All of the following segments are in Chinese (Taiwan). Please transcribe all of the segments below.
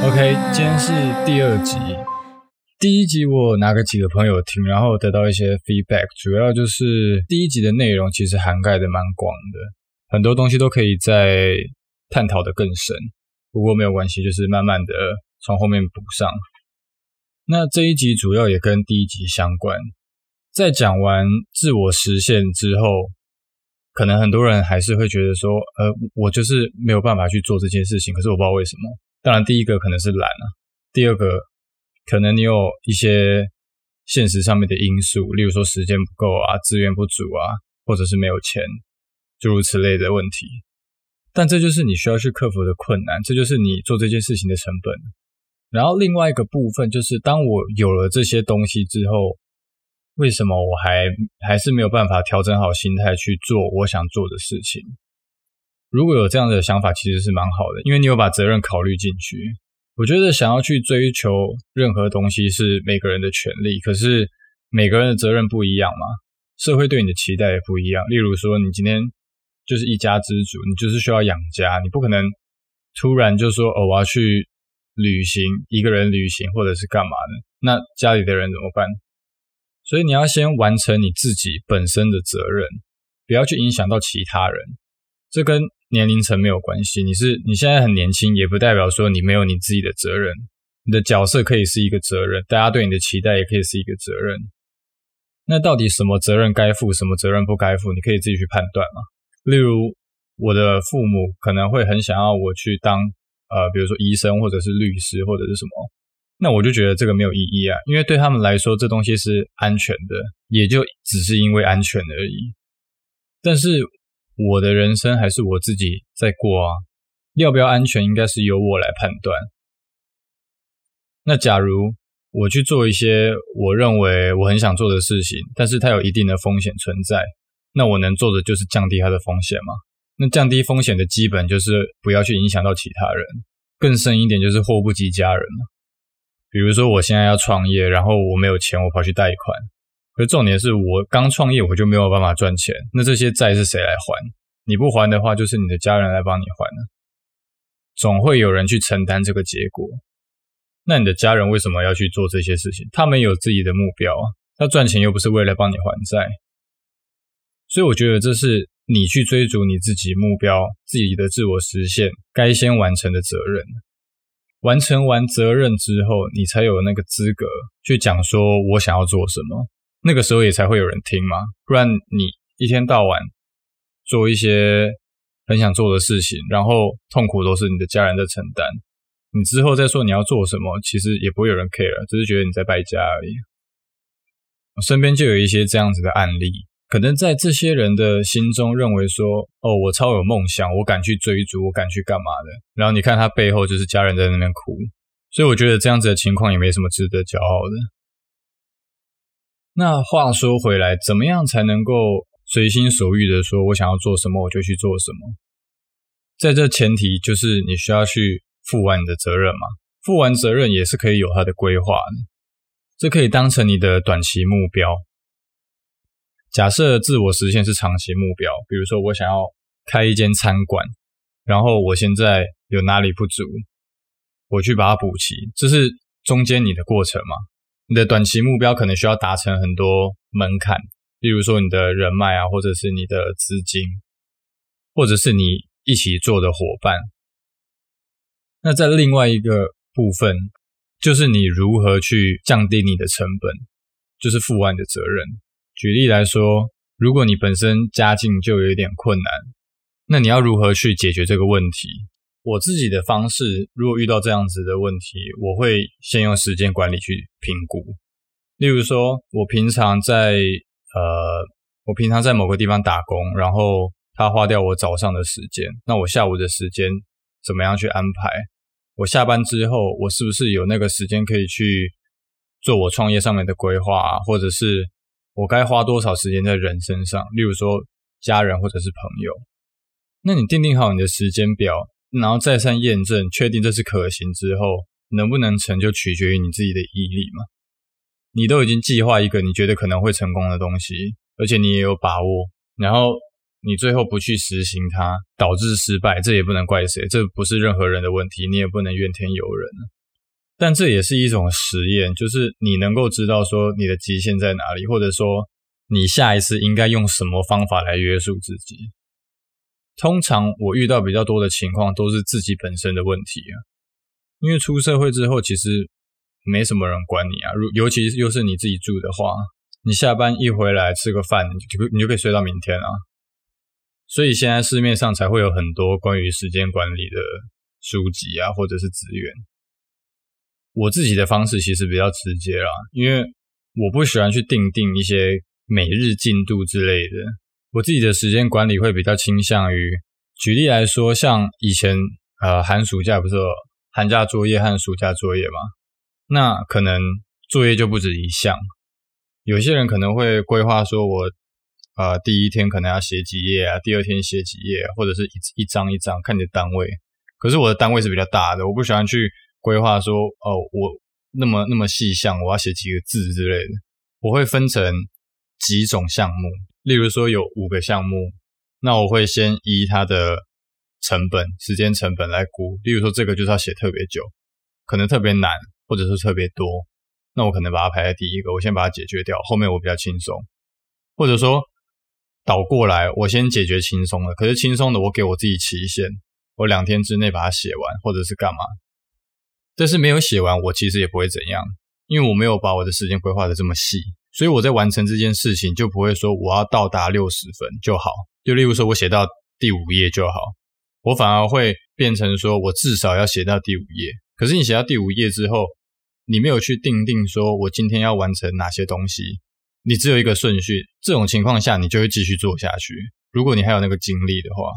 OK，今天是第二集。第一集我拿給幾個朋友聽，然後得到一些 feedback。主要就是第一集的內容其實涵蓋的蠻廣的，很多東西都可以再探討的更深。不過沒有關係，就是慢慢的從後面補上。那這一集主要也跟第一集相關。在講完自我實現之後，可能很多人還是會覺得說，呃，我就是沒有辦法去做這件事情，可是我不知道為什麼。當然，第一個可能是懶啊，第二個可能你有一些現實上面的因素，例如說時間不夠啊，資源不足啊，或者是沒有錢，諸如此類的問題。但這就是你需要去克服的困難，這就是你做這件事情的成本。然後另外一個部分就是，當我有了這些東西之後。為什麼我還還是沒有辦法調整好心態去做我想做的事情？如果有這樣的想法，其實是蠻好的，因為你有把責任考慮進去。我覺得想要去追求任何東西是每個人的權利，可是每個人的責任不一樣嘛，社會對你的期待也不一樣。例如說，你今天就是一家之主，你就是需要養家，你不可能突然就說，哦，我要去旅行，一個人旅行或者是幹嘛的？那家裡的人怎麼辦？所以你要先完成你自己本身的責任，不要去影響到其他人。這跟年齡層沒有關係。你是你現在很年輕，也不代表說你沒有你自己的責任。你的角色可以是一個責任，大家對你的期待也可以是一個責任。那到底什麼責任該負，什麼責任不該負，你可以自己去判斷嘛。例如，我的父母可能會很想要我去當，呃，比如說醫生，或者是律師，或者是什麼。那我就覺得這個沒有意義啊，因為對他們來說，這東西是安全的，也就只是因為安全而已。但是我的人生還是我自己在過啊，要不要安全，應該是由我來判斷。那假如我去做一些我認為我很想做的事情，但是它有一定的風險存在，那我能做的就是降低它的風險嘛。那降低風險的基本就是不要去影響到其他人，更深一點就是禍不及家人嘛。比如說，我現在要創業，然後我沒有錢，我跑去貸款。可是重點是我剛創業，我就沒有辦法賺錢。那這些債是誰來還？你不還的話，就是你的家人來幫你還呢？總會有人去承擔這個結果。那你的家人為什麼要去做這些事情？他們有自己的目標啊，他賺錢又不是為了幫你還債。所以我覺得這是你去追逐你自己目標、自己的自我實現該先完成的責任。完成完責任之後，你才有那個資格去講說“我想要做什麼”，那個時候也才會有人聽嘛。不然你一天到晚做一些很想做的事情，然後痛苦都是你的家人在承擔，你之後再說你要做什麼，其實也不會有人 care，只是覺得你在敗家而已。我身邊就有一些這樣子的案例。可能在這些人的心中認為說，哦，我超有夢想，我敢去追逐，我敢去幹嘛的。然後你看他背後就是家人在那邊哭，所以我覺得這樣子的情況也沒什麼值得驕傲的。那話說回來，怎麼樣才能夠隨心所欲的說，我想要做什麼我就去做什麼？在這前提就是你需要去負完你的責任嘛，負完責任也是可以有它的規劃的，這可以當成你的短期目標。假設自我實現是長期目標，比如說我想要開一間餐館，然後我現在有哪裡不足，我去把它補齊，這是中間你的過程嘛？你的短期目標可能需要達成很多門檻，例如說你的人脈啊，或者是你的資金，或者是你一起做的夥伴。那在另外一個部分，就是你如何去降低你的成本，就是負完你的責任。舉例來說，如果你本身家境就有點困難，那你要如何去解決這個問題？我自己的方式，如果遇到這樣子的問題，我會先用時間管理去評估。例如說，我平常在呃，我平常在某個地方打工，然後他花掉我早上的時間，那我下午的時間怎麼樣去安排？我下班之後，我是不是有那個時間可以去做我創業上面的規劃，或者是，我該花多少時間在人身上？例如說家人或者是朋友。那你訂定好你的時間表，然後再三驗證，確定這是可行之後，能不能成就取決於你自己的毅力嘛。你都已經計劃一個你覺得可能會成功的東西，而且你也有把握，然後你最後不去實行它，導致失敗，這也不能怪誰，這不是任何人的問題，你也不能怨天尤人。但這也是一種實驗，就是你能夠知道說你的極限在哪裡，或者說你下一次應該用什麼方法來約束自己。通常我遇到比較多的情況都是自己本身的問題啊，因為出社會之後其實沒什麼人管你啊，如尤其又是你自己住的話，你下班一回來吃個飯，你就你就可以睡到明天啊。所以現在市面上才會有很多關於時間管理的書籍啊，或者是資源。我自己的方式其實比較直接啦，因為我不喜歡去訂定一些每日進度之類的。我自己的時間管理會比較傾向於，舉例來說，像以前呃寒暑假不是寒假作業和暑假作業嘛？那可能作業就不止一項。有些人可能會規劃說我，我呃第一天可能要寫幾頁啊，第二天寫幾頁啊，或者是一一張一張看你的單位。可是我的單位是比較大的，我不喜歡去。規劃說哦，我那麼那麼細項，我要寫幾個字之類的，我會分成幾種項目。例如說有五個項目，那我會先依它的成本、時間成本來估。例如說，這個就是要寫特別久，可能特別難，或者是特別多，那我可能把它排在第一個，我先把它解決掉，後面我比較輕鬆。或者說倒過來，我先解決輕鬆的，可是輕鬆的我給我自己期限，我兩天之內把它寫完，或者是幹嘛。但是沒有寫完，我其實也不會怎樣，因為我沒有把我的時間規劃得這麼細，所以我在完成這件事情就不會說我要到達六十分就好，就例如說我寫到第五頁就好，我反而會變成說我至少要寫到第五頁。可是你寫到第五頁之後，你沒有去定定說我今天要完成哪些東西，你只有一個順序，這種情況下你就會繼續做下去。如果你還有那個精力的話，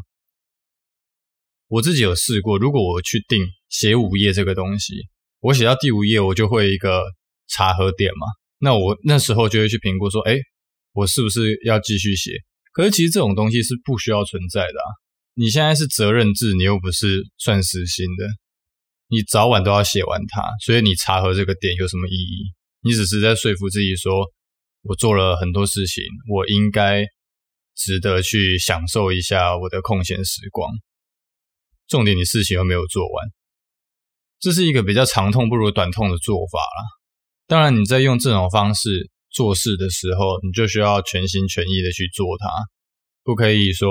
我自己有試過，如果我去定。寫五頁這個東西，我寫到第五頁，我就會一個查核點嘛。那我那時候就會去評估說，誒、欸，我是不是要繼續寫？可是其實這種東西是不需要存在的啊。你現在是責任制，你又不是算時薪的，你早晚都要寫完它，所以你查核這個點有什麼意義？你只是在說服自己說，我做了很多事情，我應該值得去享受一下我的空閒時光。重點，你事情又沒有做完。這是一個比較長痛不如短痛的做法啦。當然，你在用這種方式做事的時候，你就需要全心全意的去做它，不可以說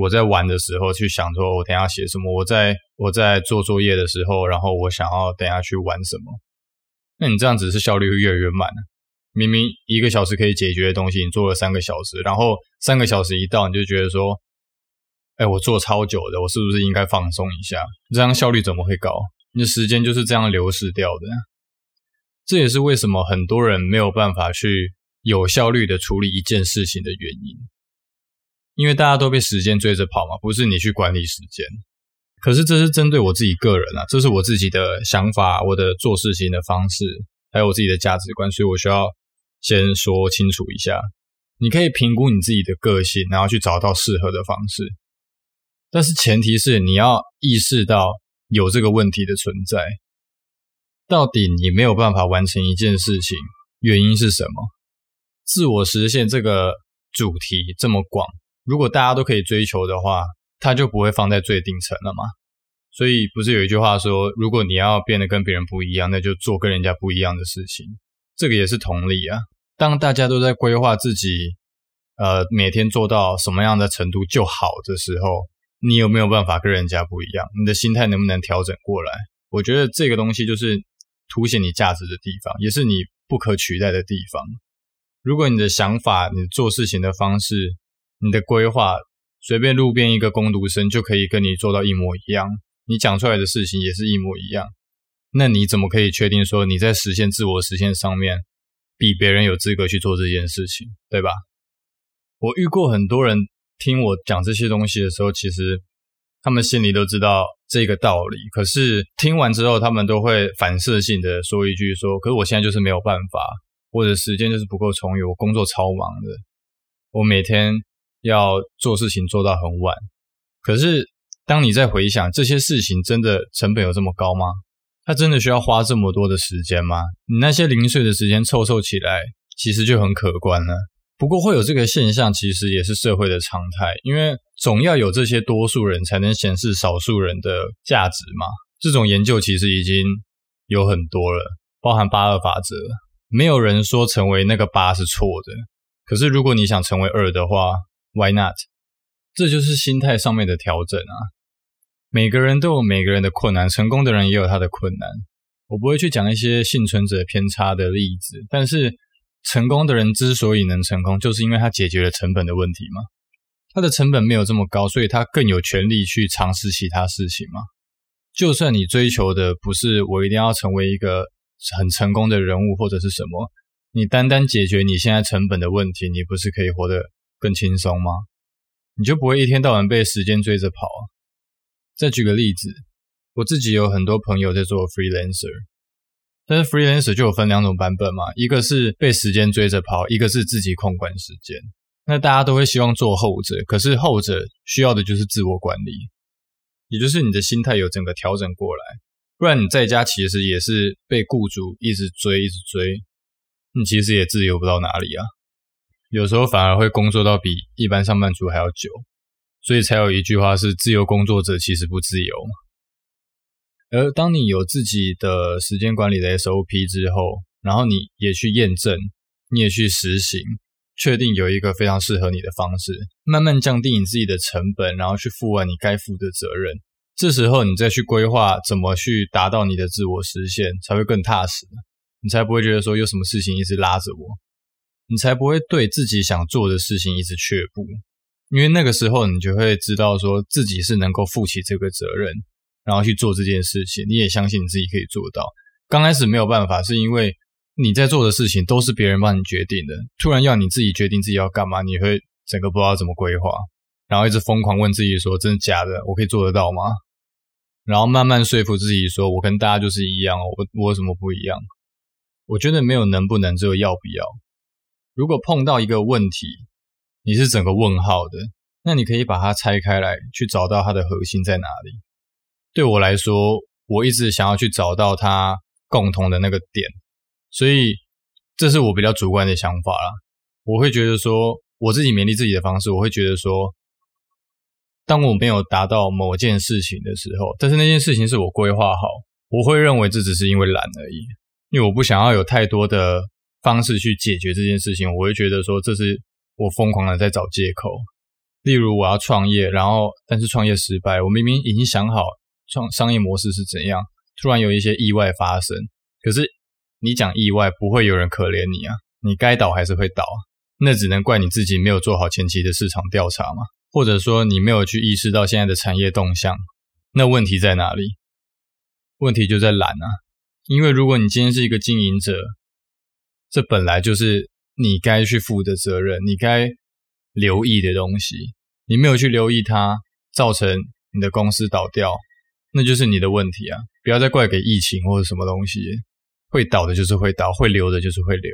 我在玩的時候去想說我等一下寫什麼，我在我在做作業的時候，然後我想要等一下去玩什麼。那你這樣子是效率會越來越慢的。明明一個小時可以解決的東西，你做了三個小時，然後三個小時一到，你就覺得說。哎，我做超久的，我是不是應該放鬆一下？這樣效率怎麼會高？你的時間就是這樣流失掉的啊。這也是為什麼很多人沒有辦法去有效率地處理一件事情的原因，因為大家都被時間追着跑嘛，不是你去管理時間。可是這是針對我自己個人啊，這是我自己的想法，我的做事情的方式，還有我自己的價值觀，所以我需要先說清楚一下。你可以評估你自己的個性，然後去找到適合的方式。但是前提是你要意識到有這個問題的存在。到底你沒有辦法完成一件事情，原因是什麼？自我實現這個主題這麼廣，如果大家都可以追求的話，它就不會放在最頂層了嘛。所以不是有一句話說，如果你要變得跟別人不一樣，那就做跟人家不一樣的事情。這個也是同理啊。當大家都在規劃自己，呃，每天做到什麼樣的程度就好的時候。你有沒有辦法跟人家不一樣？你的心態能不能調整過來？我覺得這個東西就是凸顯你價值的地方，也是你不可取代的地方。如果你的想法、你做事情的方式、你的規劃，隨便路邊一個工讀生就可以跟你做到一模一樣，你講出來的事情也是一模一樣，那你怎麼可以確定說你在實現自我實現上面比別人有資格去做這件事情，對吧？我遇過很多人。聽我講這些東西的時候，其實他們心裡都知道這個道理。可是聽完之後，他們都會反射性的說一句說：“說可是我現在就是沒有辦法，我的時間就是不夠充裕，我工作超忙的，我每天要做事情做到很晚。”可是當你在回想這些事情，真的成本有這麼高嗎？它真的需要花這麼多的時間嗎？你那些零碎的時間湊湊起來，其實就很可觀了。不過會有這個現象，其實也是社會的常態，因為總要有這些多數人才能顯示少數人的價值嘛。這種研究其實已經有很多了，包含八二法則。沒有人說成為那個八是錯的，可是如果你想成為二的話，Why not？這就是心態上面的調整啊。每個人都有每個人的困難，成功的人也有他的困難。我不會去講一些幸存者偏差的例子，但是。成功的人之所以能成功，就是因為他解決了成本的問題嘛。他的成本沒有這麼高，所以他更有權利去嘗試其他事情嘛。就算你追求的不是我一定要成為一個很成功的人物或者是什麼，你單單解決你現在成本的問題，你不是可以活得更輕鬆嗎？你就不會一天到晚被時間追着跑啊。再舉個例子，我自己有很多朋友在做 freelancer。但是 freelancer 就有分兩種版本嘛，一個是被時間追着跑，一個是自己控管時間。那大家都會希望做後者，可是後者需要的就是自我管理，也就是你的心態有整個調整過來，不然你在家其實也是被雇主一直追，一直追，你其實也自由不到哪裡啊。有時候反而會工作到比一般上班族還要久，所以才有一句話是：自由工作者其實不自由嘛。而當你有自己的時間管理的 SOP 之後，然後你也去驗證，你也去實行，確定有一個非常適合你的方式，慢慢降低你自己的成本，然後去負完你該負的責任。這時候你再去規劃怎麼去達到你的自我實現，才會更踏實，你才不會覺得說有什麼事情一直拉着我，你才不會對自己想做的事情一直卻步，因為那個時候你就會知道說自己是能夠負起這個責任。然後去做這件事情，你也相信你自己可以做到。剛開始沒有辦法，是因為你在做的事情都是別人幫你決定的，突然要你自己決定自己要幹嘛，你會整個不知道怎麼規劃，然後一直瘋狂問自己說：“真的假的？我可以做得到嗎？”然後慢慢說服自己說：“我跟大家就是一樣我我我有什麼不一樣？我覺得沒有能不能，只有要不要。”如果碰到一個問題，你是整個問號的，那你可以把它拆開來，去找到它的核心在哪裡。對我來說，我一直想要去找到他共同的那個點，所以這是我比較主觀的想法啦。我會覺得說，我自己勉勵自己的方式，我會覺得說，當我沒有達到某件事情的時候，但是那件事情是我規劃好，我會認為這只是因為懶而已。因為我不想要有太多的方式去解決這件事情，我會覺得說，這是我瘋狂的在找借口。例如，我要創業，然後但是創業失敗，我明明已經想好。創商業模式是怎樣？突然有一些意外發生，可是你講意外，不會有人可憐你啊！你該倒還是會倒，那只能怪你自己沒有做好前期的市場調查嘛，或者說你沒有去意識到現在的產業動向。那問題在哪裡？問題就在懶啊！因為如果你今天是一個經營者，這本來就是你該去負的責任，你該留意的東西，你沒有去留意它，造成你的公司倒掉。那就是你的問題啊！不要再怪給疫情或者什麼東西，會倒的就是會倒，會留的就是會留。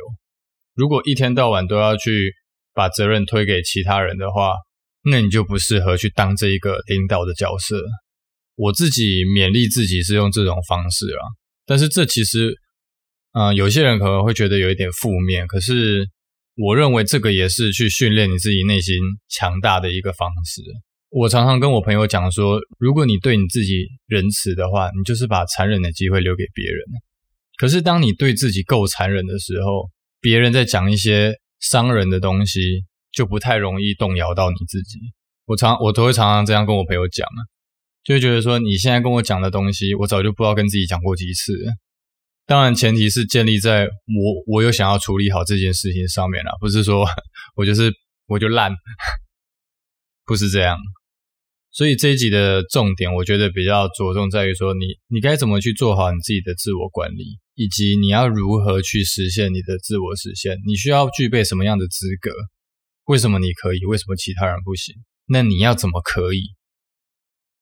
如果一天到晚都要去把責任推給其他人的話，那你就不適合去當這一個領導的角色。我自己勉勵自己是用這種方式啊，但是這其實，啊、呃，有些人可能會覺得有一點負面，可是我認為這個也是去訓練你自己內心強大的一個方式。我常常跟我朋友講說，如果你對你自己仁慈的話，你就是把殘忍的機會留給別人。可是當你對自己夠殘忍的時候，別人在講一些傷人的東西，就不太容易動搖到你自己。我常我都會常常這樣跟我朋友講，就會覺得說，你現在跟我講的東西，我早就不知道跟自己講過幾次了。當然，前提是建立在我我有想要處理好這件事情上面了，啊，不是說我就是我就爛，不是這樣。所以這一集的重點，我覺得比較着重在於說你，你你該怎麼去做好你自己的自我管理，以及你要如何去實現你的自我實現，你需要具備什麼樣的資格？為什麼你可以？為什麼其他人不行？那你要怎麼可以？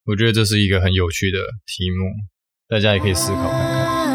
我覺得這是一個很有趣的題目，大家也可以思考看看。